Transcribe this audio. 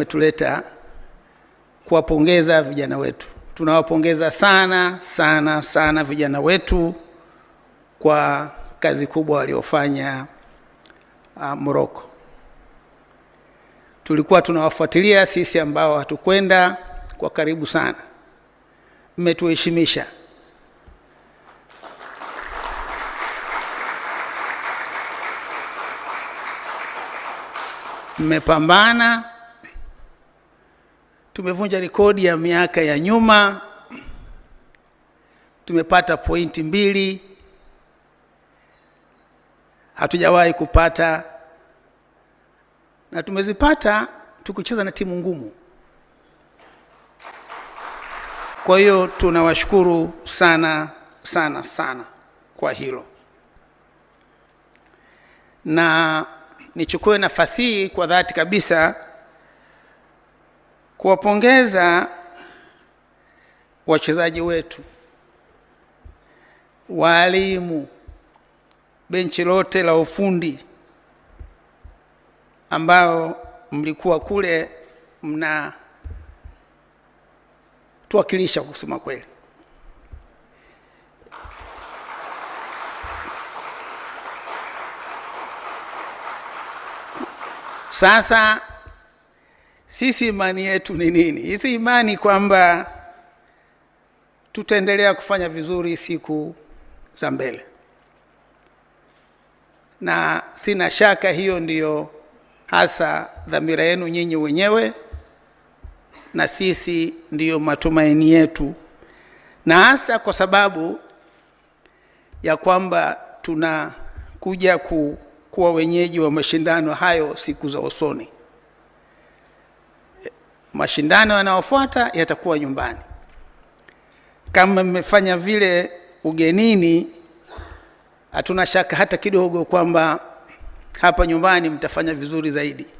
Umetuleta kuwapongeza vijana wetu. Tunawapongeza sana sana sana vijana wetu kwa kazi kubwa waliofanya uh, Moroko. Tulikuwa tunawafuatilia sisi ambao hatukwenda kwa karibu sana, mmetuheshimisha. Mmepambana Tumevunja rekodi ya miaka ya nyuma, tumepata pointi mbili, hatujawahi kupata, na tumezipata tukicheza na timu ngumu. Kwa hiyo tunawashukuru sana sana sana kwa hilo, na nichukue nafasi hii kwa dhati kabisa kuwapongeza wachezaji wetu, waalimu, benchi lote la ufundi ambao mlikuwa kule mnatuwakilisha tuwakilisha kusema kweli. Sasa sisi imani yetu ni nini? Hizi imani kwamba tutaendelea kufanya vizuri siku za mbele, na sina shaka hiyo ndiyo hasa dhamira yenu nyinyi wenyewe, na sisi ndiyo matumaini yetu, na hasa kwa sababu ya kwamba tunakuja ku, kuwa wenyeji wa mashindano hayo siku za usoni mashindano yanayofuata yatakuwa nyumbani. Kama mmefanya vile ugenini, hatuna shaka hata kidogo kwamba hapa nyumbani mtafanya vizuri zaidi.